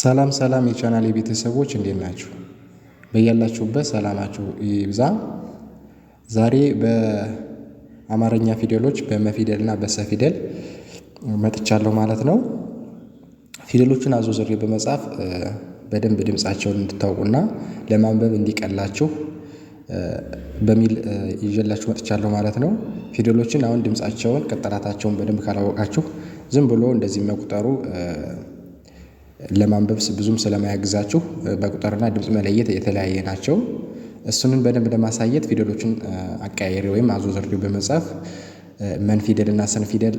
ሰላም ሰላም የቻናል የቤተሰቦች እንዴት ናችሁ? በያላችሁበት ሰላማችሁ ይብዛ። ዛሬ በአማርኛ ፊደሎች በመፊደል እና በሰፊደል መጥቻለሁ ማለት ነው። ፊደሎቹን አዞዝሬ በመጻፍ በደንብ ድምፃቸውን እንድታውቁና ለማንበብ እንዲቀላችሁ በሚል ይዤላችሁ መጥቻለሁ ማለት ነው። ፊደሎችን አሁን ድምፃቸውን ቅጠላታቸውን በደንብ ካላወቃችሁ ዝም ብሎ እንደዚህ መቁጠሩ ለማንበብ ብዙም ስለማያግዛችሁ በቁጥርና ድምፅ መለየት የተለያየ ናቸው። እሱንን በደንብ ለማሳየት ፊደሎችን አቀያየሪ ወይም አዞዝሬ በመጻፍ መን ፊደል እና ሰን ፊደል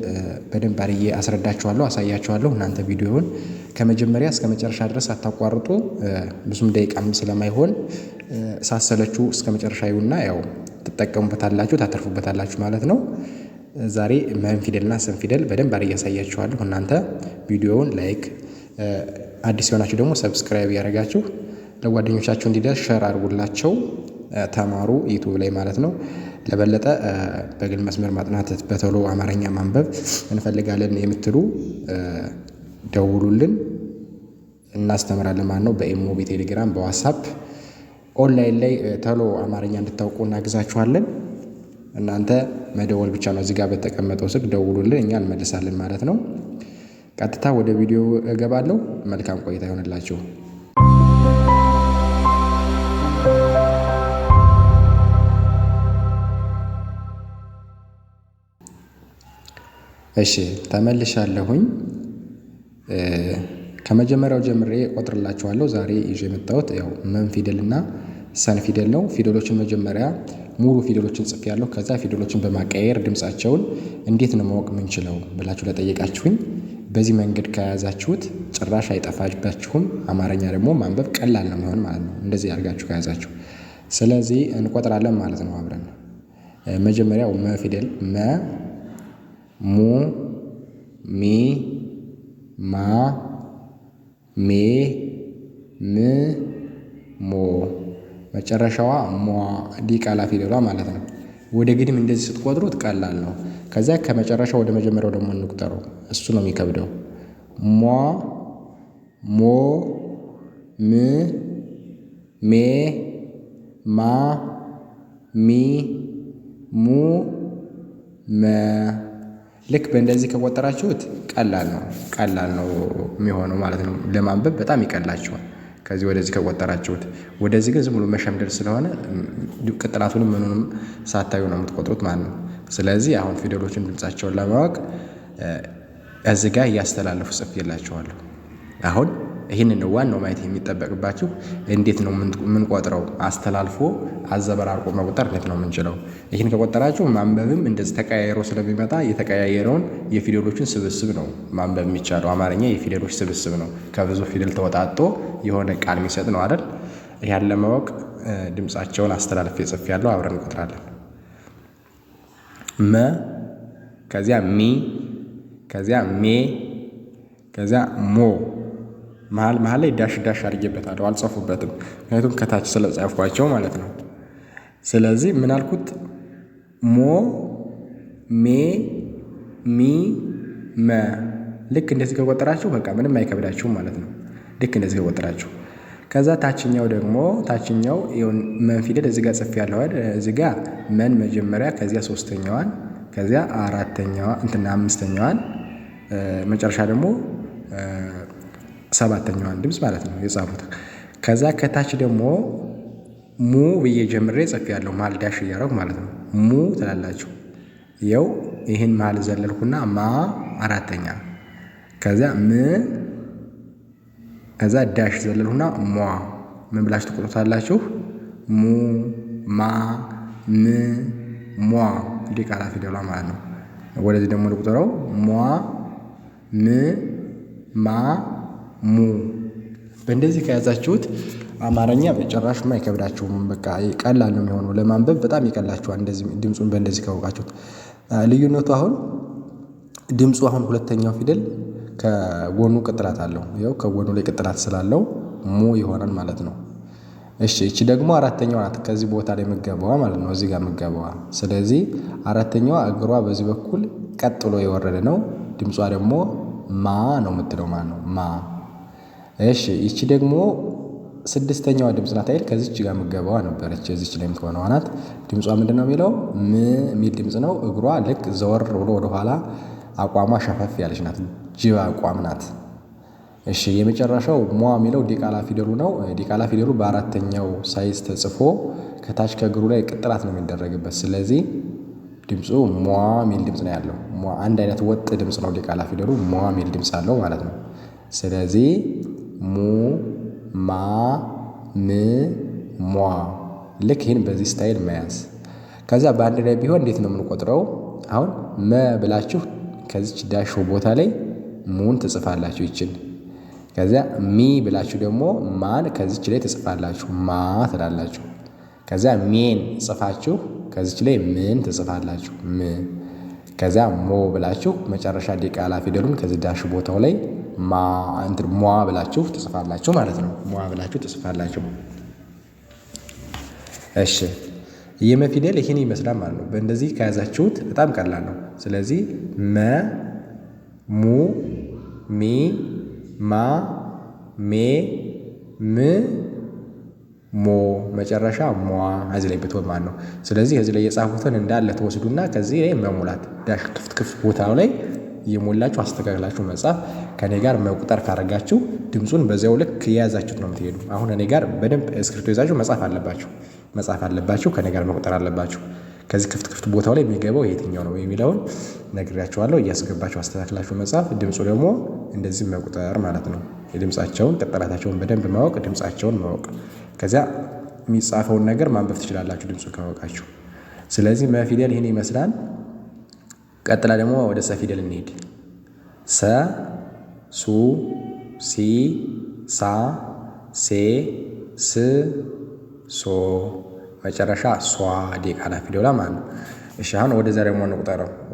በደንብ አርዬ አስረዳችኋለሁ፣ አሳያችኋለሁ። እናንተ ቪዲዮውን ከመጀመሪያ እስከ መጨረሻ ድረስ አታቋርጡ። ብዙም ደቂቃም ስለማይሆን ሳሰለችሁ እስከ መጨረሻ ይሁና ያው ትጠቀሙበታላችሁ፣ ታተርፉበታላችሁ ማለት ነው። ዛሬ መን ፊደል እና ሰን ፊደል በደንብ አርዬ አሳያችኋለሁ። እናንተ ቪዲዮውን ላይክ አዲስ የሆናችሁ ደግሞ ሰብስክራይብ ያደረጋችሁ ለጓደኞቻችሁ እንዲደርስ ሸር አድርጉላቸው። ተማሩ ዩቱብ ላይ ማለት ነው። ለበለጠ በግል መስመር ማጥናት በቶሎ አማርኛ ማንበብ እንፈልጋለን የምትሉ ደውሉልን፣ እናስተምራለን ማለት ነው። በኢሞ፣ በቴሌግራም፣ በዋትሳፕ ኦንላይን ላይ ቶሎ አማርኛ እንድታውቁ እናግዛችኋለን። እናንተ መደወል ብቻ ነው። እዚጋ በተቀመጠው ስልክ ደውሉልን፣ እኛ እንመልሳለን ማለት ነው። ቀጥታ ወደ ቪዲዮ እገባለሁ። መልካም ቆይታ ይሆንላችሁ። እሺ ተመልሻለሁኝ። ከመጀመሪያው ጀምሬ ቆጥርላችኋለሁ። ዛሬ ይዤ የመጣሁት ያው መን ፊደል እና ሰን ፊደል ነው። ፊደሎችን መጀመሪያ ሙሉ ፊደሎችን ጽፌያለሁ። ከዛ ፊደሎችን በማቀየር ድምፃቸውን እንዴት ነው ማወቅ የምንችለው ብላችሁ ለጠየቃችሁኝ በዚህ መንገድ ከያዛችሁት ጭራሽ አይጠፋባችሁም። አማርኛ ደግሞ ማንበብ ቀላል ነው የሚሆን ማለት ነው። እንደዚህ አድርጋችሁ ከያዛችሁ ስለዚህ እንቆጥራለን ማለት ነው። አብረን መጀመሪያው መ ፊደል መ ሙ ሚ ማ ሜ ም ሞ መጨረሻዋ ሟ ዲቃላ ፊደሏ ማለት ነው። ወደ ግድም እንደዚህ ስትቆጥሩት ቀላል ነው። ከዛ ከመጨረሻ ወደ መጀመሪያው ደግሞ እንቁጠረው። እሱ ነው የሚከብደው። ሟ ሞ ም ሜ ማ ሚ ሙ መ ልክ በእንደዚህ ከቆጠራችሁት ቀላል ነው ቀላል ነው የሚሆነው ማለት ነው። ለማንበብ በጣም ይቀላችኋል። ከዚህ ወደዚህ ከቆጠራችሁት ወደዚህ ግን ዝም ብሎ መሸምደድ ስለሆነ ቅጥላቱንም ምኑንም ሳታዩ ነው የምትቆጥሩት ማለት ነው። ስለዚህ አሁን ፊደሎችን ድምጻቸውን ለማወቅ እዚህ ጋር እያስተላለፉ ጽፌላችኋለሁ። አሁን ይህንን ዋናው ማየት የሚጠበቅባችሁ እንዴት ነው የምንቆጥረው? አስተላልፎ አዘበራርቆ መቁጠር እንዴት ነው የምንችለው? ይህን ከቆጠራችሁ ማንበብም እንደዚህ ተቀያየሮ ስለሚመጣ የተቀያየረውን የፊደሎችን ስብስብ ነው ማንበብ የሚቻለው። አማርኛ የፊደሎች ስብስብ ነው፣ ከብዙ ፊደል ተወጣጦ የሆነ ቃል የሚሰጥ ነው አይደል? ይህን ለማወቅ ድምፃቸውን አስተላልፌ ጽፌያለሁ። አብረን እንቆጥራለን። መ ከዚያ ሚ ከዚያ ሜ ከዚያ ሞ መሀል መሀል ላይ ዳሽ ዳሽ አድርጌበታለሁ አልጸፉበትም ምክንያቱም ከታች ስለጻፍኳቸው ማለት ነው። ስለዚህ ምናልኩት ሞ ሜ ሚ መ ልክ እንደዚህ ከቆጠራችሁ በቃ ምንም አይከብዳችሁም ማለት ነው። ልክ እንደዚህ ከቆጠራችሁ ከዛ ታችኛው ደግሞ ታችኛው መን ፊደል እዚህ ጋር ጽፌያለሁ አይደል? እዚህ ጋር መን መጀመሪያ ከዚያ ሶስተኛዋን ከዚያ አራተኛዋ እንትና አምስተኛዋን መጨረሻ ደግሞ ሰባተኛዋን ድምፅ ማለት ነው የጻፉት። ከዛ ከታች ደግሞ ሙ ብዬ ጀምሬ ጽፌያለሁ መሀል ዳሽ እያረጉ ማለት ነው። ሙ ትላላችሁ። የው ይህን መሀል ዘለልኩና ማ አራተኛ ከዚያ ም ከዛ ዳሽ ዘለልሁና ሟ ምን ብላችሁ ትቆጥሩታላችሁ? ሙ ማ ም ሟ ዲቃላ ፊደሏ ማለት ነው። ወደዚህ ደግሞ ልቁጠረው ሟ ም ማ ሙ። በእንደዚህ ከያዛችሁት አማርኛ በጭራሽ አይከብዳችሁም። በቃ ቀላል ነው የሚሆነው ለማንበብ በጣም ይቀላችኋል። እንደዚህ ድምፁን በእንደዚህ ካወቃችሁት ልዩነቱ አሁን ድምፁ አሁን ሁለተኛው ፊደል ከጎኑ ቅጥላት አለው ይኸው ከጎኑ ላይ ቅጥላት ስላለው ሙ ይሆናል ማለት ነው። እሺ እቺ ደግሞ አራተኛዋ ናት ከዚህ ቦታ ላይ የምትገባዋ ማለት ነው። እዚህ ጋር የምትገባዋ ስለዚህ አራተኛዋ እግሯ በዚህ በኩል ቀጥሎ የወረደ ነው። ድምጿ ደግሞ ማ ነው የምትለው ማለት ነው ማ። እሺ እቺ ደግሞ ስድስተኛዋ ድምፅ ናት አይደል? ከዚች ጋር የምትገባዋ ነበረች። እዚች ላይ የምትሆነዋ ናት። ድምጿ ምንድን ነው የሚለው ም የሚል ድምፅ ነው። እግሯ ልክ ዘወር ብሎ ወደኋላ አቋሟ ሸፈፍ ያለች ናት። ጅባ አቋም ናት። እሺ የመጨረሻው ሟ የሚለው ዲቃላ ፊደሉ ነው። ዲቃላ ፊደሉ በአራተኛው ሳይዝ ተጽፎ ከታች ከእግሩ ላይ ቅጥላት ነው የሚደረግበት። ስለዚህ ድምፁ ሟ የሚል ድምፅ ነው ያለው። አንድ አይነት ወጥ ድምፅ ነው። ዲቃላ ፊደሉ ሟ የሚል ድምፅ አለው ማለት ነው። ስለዚህ ሙ፣ ማ፣ ም፣ ሟ። ልክ ይህን በዚህ ስታይል መያዝ። ከዚያ በአንድ ላይ ቢሆን እንዴት ነው የምንቆጥረው? አሁን መ ብላችሁ ከዚች ዳሾ ቦታ ላይ ሙን ትጽፋላችሁ ይችን ከዚያ ሚ ብላችሁ ደግሞ ማን ከዚች ላይ ትጽፋላችሁ ማ ትላላችሁ። ከዚያ ሜን ጽፋችሁ ከዚች ላይ ምን ትጽፋላችሁ ም። ከዚያ ሞ ብላችሁ መጨረሻ ዲቃላ ፊደሉን ከዚህ ዳሽ ቦታው ላይ ማ እንትን ሟ ብላችሁ ትጽፋላችሁ ማለት ነው። ሟ ብላችሁ ትጽፋላችሁ። እሺ የመ ፊደል ይህን ይመስላል ማለት ነው። በእንደዚህ ከያዛችሁት በጣም ቀላል ነው። ስለዚህ መ፣ ሙ ሚ ማ ሜ ም ሞ መጨረሻ ሟ እዚህ ላይ ብትሆን ማለት ነው። ስለዚህ እዚህ ላይ የጻፉትን እንዳለ ትወስዱና ከዚህ ላይ መሙላት ዳሽ ክፍት ክፍት ቦታው ላይ እየሞላችሁ አስተካክላችሁ መጻፍ ከእኔ ጋር መቁጠር ካረጋችሁ ድምፁን በዚያው ልክ የያዛችሁት ነው የምትሄዱ። አሁን እኔ ጋር በደንብ እስክሪብቶ ይዛችሁ መጻፍ አለባችሁ መጻፍ አለባችሁ ከእኔ ጋር መቁጠር አለባችሁ። ከዚህ ክፍት ክፍት ቦታው ላይ የሚገባው የትኛው ነው የሚለውን ነግሬያቸዋለሁ። እያስገባቸው አስተካክላችሁ መጻፍ። ድምፁ ደግሞ እንደዚህ መቁጠር ማለት ነው። የድምፃቸውን ቀጠላታቸውን በደንብ ማወቅ፣ ድምፃቸውን ማወቅ። ከዚያ የሚጻፈውን ነገር ማንበብ ትችላላችሁ ድምፁ ካወቃችሁ። ስለዚህ መፊደል ይህን ይመስላል። ቀጥላ ደግሞ ወደ ሰፊደል እንሄድ። ሰ ሱ ሲ ሳ ሴ ስ ሶ መጨረሻ ሷ ዴቃና ፊደላ ማለት ነው። እሺ አሁን ወደ ዛሬ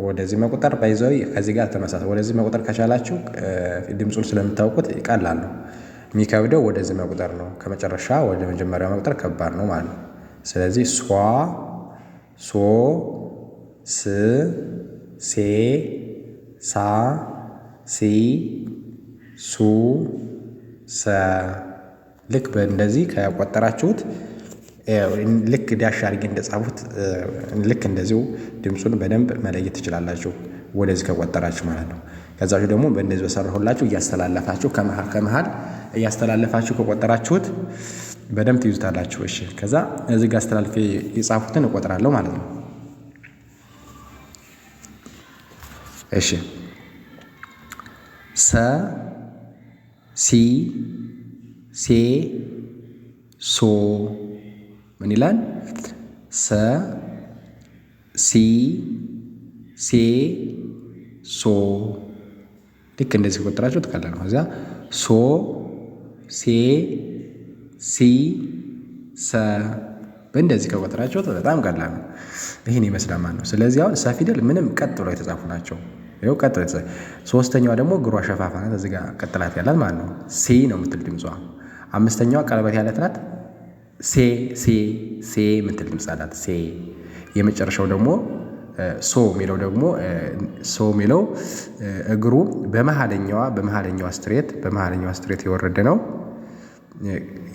ወደዚህ መቁጠር ባይዘው ከዚህ ጋር ተመሳሳይ። ወደዚህ መቁጠር ከቻላችሁ ድምፁን ስለምታውቁት ይቀላል ነው። የሚከብደው ወደዚህ መቁጠር ነው። ከመጨረሻ ወደ መጀመሪያ መቁጠር ከባድ ነው ማለት ነው። ስለዚህ ሷ ሶ ስ ሴ ሳ ሲ ሱ ሰ ልክ እንደዚህ ከቆጠራችሁት ልክ ዳሽ አድርጌ እንደጻፉት ልክ እንደዚሁ ድምፁን በደንብ መለየት ትችላላችሁ። ወደዚህ ከቆጠራችሁ ማለት ነው። ከዛችሁ ደግሞ በእንደዚህ በሰራሁላችሁ እያስተላለፋችሁ ከመሃል ከመሃል እያስተላለፋችሁ ከቆጠራችሁት በደንብ ትይዙታላችሁ። እሺ፣ ከዛ እዚህ ጋር አስተላልፌ የጻፉትን እቆጥራለሁ ማለት ነው። እሺ፣ ሰ፣ ሲ፣ ሴ፣ ሶ ምን ይላል? ሰ ሲ ሴ ሶ ልክ እንደዚህ ቆጥራችሁ ትቀለ ነው። ከዚያ ሶ ሴ ሲ ሰ በእንደዚህ ከቆጥራችሁት በጣም ቀላል ነው። ይህን ይመስላል ማለት ነው። ስለዚህ አሁን ሰ ፊደል ምንም ቀጥ ብሎ የተጻፉ ናቸው። ይኸው ቀጥ ብሎ ሶስተኛዋ ደግሞ እግሯ ሸፋፋ ናት። እዚህ ጋ ቀጥላት ያላት ማለት ነው። ሲ ነው የምትል ድምጿ። አምስተኛዋ ቀለበት ያለት ናት። ሴ ሴ ሴ የምትል ድምፅ አላት። ሴ የመጨረሻው ደግሞ ሶ የሚለው ደግሞ ሶ የሚለው እግሩ በመሀለኛዋ በመሀለኛዋ ስትሬት በመሀለኛዋ ስትሬት የወረደ ነው።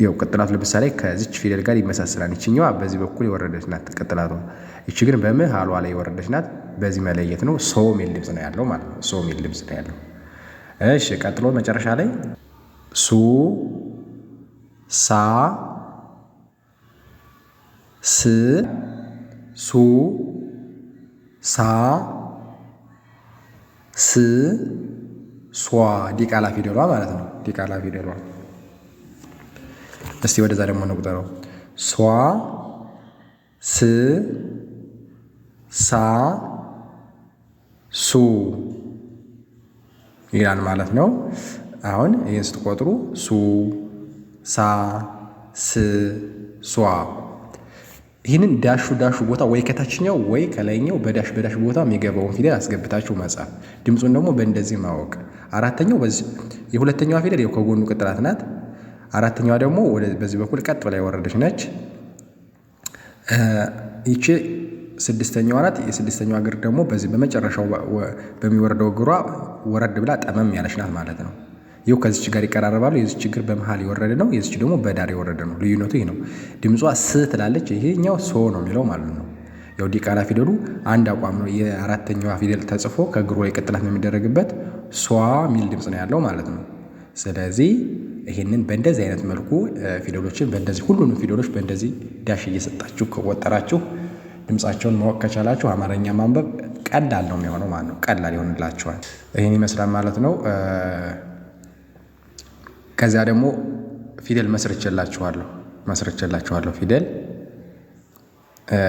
ያው ቅጥላቱ ለምሳሌ ከዚች ፊደል ጋር ይመሳሰላል። ይችኛዋ በዚህ በኩል የወረደች ናት ቅጥላቱ፣ ይቺ ግን በመሀሏ ላይ የወረደች ናት። በዚህ መለየት ነው። ሶ የሚል ድምፅ ነው ያለው ማለት ነው። ሶ የሚል ድምፅ ነው ያለው። እሺ ቀጥሎ መጨረሻ ላይ ሱ ሳ ስ ሱ ሳ ስ ሷ ዲቃላ ፊደሏ ማለት ነው። ዲቃላ ፊደሏ እስቲ ወደዛ ደግሞ እንቁጠረው። ሷ ስ ሳ ሱ ይላል ማለት ነው። አሁን ይህን ስትቆጥሩ ሱ ሳ ስ ሷ ይህንን ዳሹ ዳሹ ቦታ ወይ ከታችኛው ወይ ከላይኛው በዳሽ በዳሽ ቦታ የሚገባውን ፊደል አስገብታችሁ መጻፍ። ድምፁን ደግሞ በእንደዚህ ማወቅ። አራተኛው የሁለተኛዋ ፊደል ከጎኑ ቅጥላት ናት። አራተኛዋ ደግሞ በዚህ በኩል ቀጥ ብላ የወረደች ነች። ይቺ ስድስተኛዋ ናት። የስድስተኛዋ እግር ደግሞ በዚህ በመጨረሻው በሚወርደው እግሯ ወረድ ብላ ጠመም ያለች ናት ማለት ነው። ይው ከዚች ጋር ይቀራረባሉ። የዚች ችግር በመሀል የወረደ ነው፣ የዚች ደግሞ በዳር የወረደ ነው። ልዩነቱ ይህ ነው። ድምጿ ስ ትላለች፣ ይሄኛው ሶ ነው የሚለው ማለት ነው። ያው ዲቃላ ፊደሉ አንድ አቋም ነው። የአራተኛዋ ፊደል ተጽፎ ከግሮ የቅጥላት ነው የሚደረግበት። ሷ ሚል ድምፅ ነው ያለው ማለት ነው። ስለዚህ ይህንን በእንደዚህ አይነት መልኩ ፊደሎችን በእንደዚህ ሁሉንም ፊደሎች በእንደዚህ ዳሽ እየሰጣችሁ ከወጠራችሁ ድምፃቸውን ማወቅ ከቻላችሁ አማርኛ ማንበብ ቀላል ነው የሚሆነው ማለት ነው። ቀላል ይሆንላችኋል። ይህን ይመስላል ማለት ነው። ከዚያ ደግሞ ፊደል መስርቼላችኋለሁ ፊደል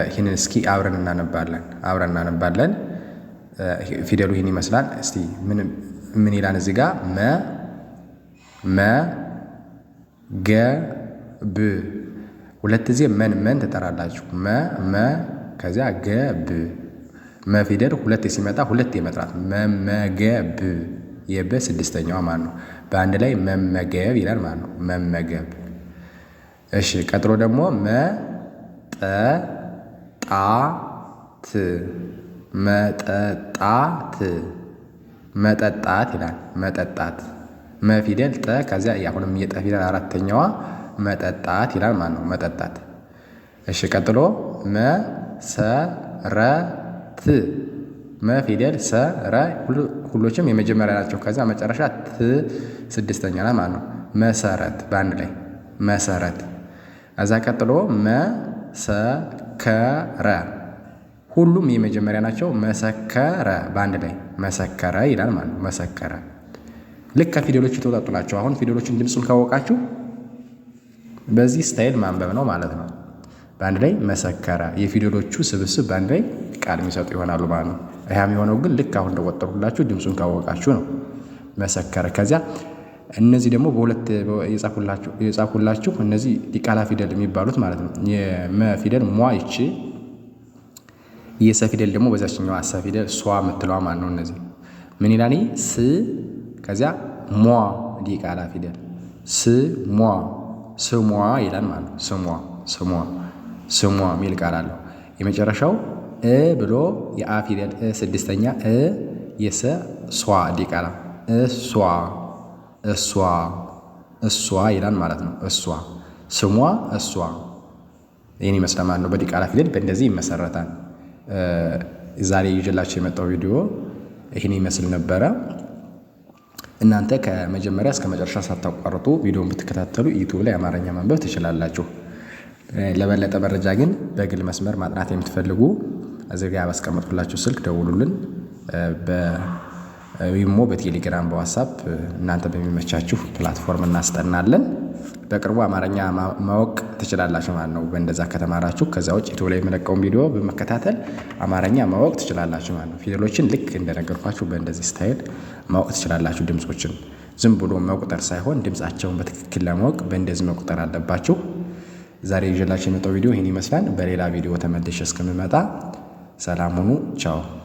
ይህንን እስኪ አብረን እናነባለን አብረን እናነባለን። ፊደሉ ይህን ይመስላል። እስቲ ምን ይላል እዚህ ጋ መ መ ገ ብ ሁለት ጊዜ መን መን ትጠራላችሁ። መ መ ከዚያ ገ ብ መ ፊደል ሁለት ሲመጣ ሁለት የመጥራት መመገብ የበ ስድስተኛዋ ማን ነው? በአንድ ላይ መመገብ ይላል ማለት ነው። መመገብ። እሺ ቀጥሎ ደግሞ መጠጣት መጠጣት መጠጣት ይላል። መጠጣት መፊደል ጠ ከዚያ አሁንም የጠ ፊደል አራተኛዋ መጠጣት ይላል ማለት ነው። መጠጣት። እሺ ቀጥሎ መሰረት መፊደል ሰ ራ ሁሎችም የመጀመሪያ ናቸው። ከዛ መጨረሻ ት ስድስተኛ ናት ማለት ነው። መሰረት በአንድ ላይ መሰረት። እዛ ቀጥሎ መሰከረ ሁሉም የመጀመሪያ ናቸው። መሰከረ በአንድ ላይ መሰከረ ይላል ማለት ነው። መሰከረ ልክ ከፊደሎች የተወጣጡ ናቸው። አሁን ፊደሎችን ድምፁን ካወቃችሁ በዚህ ስታይል ማንበብ ነው ማለት ነው። በአንድ ላይ መሰከረ የፊደሎቹ ስብስብ በአንድ ላይ ቃል የሚሰጡ ይሆናሉ ማለት ነው። ያም የሆነው ግን ልክ አሁን እንደቆጠሩላችሁ ድምፁን ካወቃችሁ ነው። መሰከረ። ከዚያ እነዚህ ደግሞ በሁለት የጻፉላችሁ እነዚህ ዲቃላ ፊደል የሚባሉት ማለት ነው። የመ ፊደል ሟ ይቺ፣ የሰ ፊደል ደግሞ በዛችኛው አሳ ፊደል ሷ የምትለዋ ማለት ነው። እነዚህ ምን ይላል? ስ ከዚያ ሟ ዲቃላ ፊደል ስ ሟ ስሟ ይላል ማለት ነው። ስሟ ስሟ ስሟ የሚል ቃል አለው የመጨረሻው እ ብሎ የአ ፊደል ስድስተኛ እ የሰ ሷ ዲቃላ እሷ እሷ እሷ ይላል ማለት ነው። እሷ ስሟ እሷ ይህን ይመስላል ማለት ነው። በዲቃላ ፊደል በእንደዚህ ይመሰረታል። ዛሬ ይዤላችሁ የመጣው ቪዲዮ ይህን ይመስል ነበረ። እናንተ ከመጀመሪያ እስከ መጨረሻ ሳታቋርጡ ቪዲዮን ብትከታተሉ ዩቱብ ላይ አማርኛ ማንበብ ትችላላችሁ። ለበለጠ መረጃ ግን በግል መስመር ማጥናት የምትፈልጉ እዚህ ጋር ባስቀመጥኩላችሁ ስልክ ደውሉልን። በዊሞ፣ በቴሌግራም፣ በዋትሳፕ እናንተ በሚመቻችሁ ፕላትፎርም እናስጠናለን። በቅርቡ አማርኛ ማወቅ ትችላላችሁ ማለት ነው። በእንደዛ ከተማራችሁ። ከዛ ውጭ ዩቱብ ላይ የምለቀውን ቪዲዮ በመከታተል አማርኛ ማወቅ ትችላላችሁ ማለት ነው። ፊደሎችን ልክ እንደነገርኳችሁ በእንደዚህ ስታይል ማወቅ ትችላላችሁ። ድምፆችን ዝም ብሎ መቁጠር ሳይሆን ድምፃቸውን በትክክል ለማወቅ በእንደዚህ መቁጠር አለባችሁ። ዛሬ ይዤላችሁ የመጣው ቪዲዮ ይህን ይመስላል። በሌላ ቪዲዮ ተመልሼ እስከምመጣ ሰላም ሁኑ። ቻው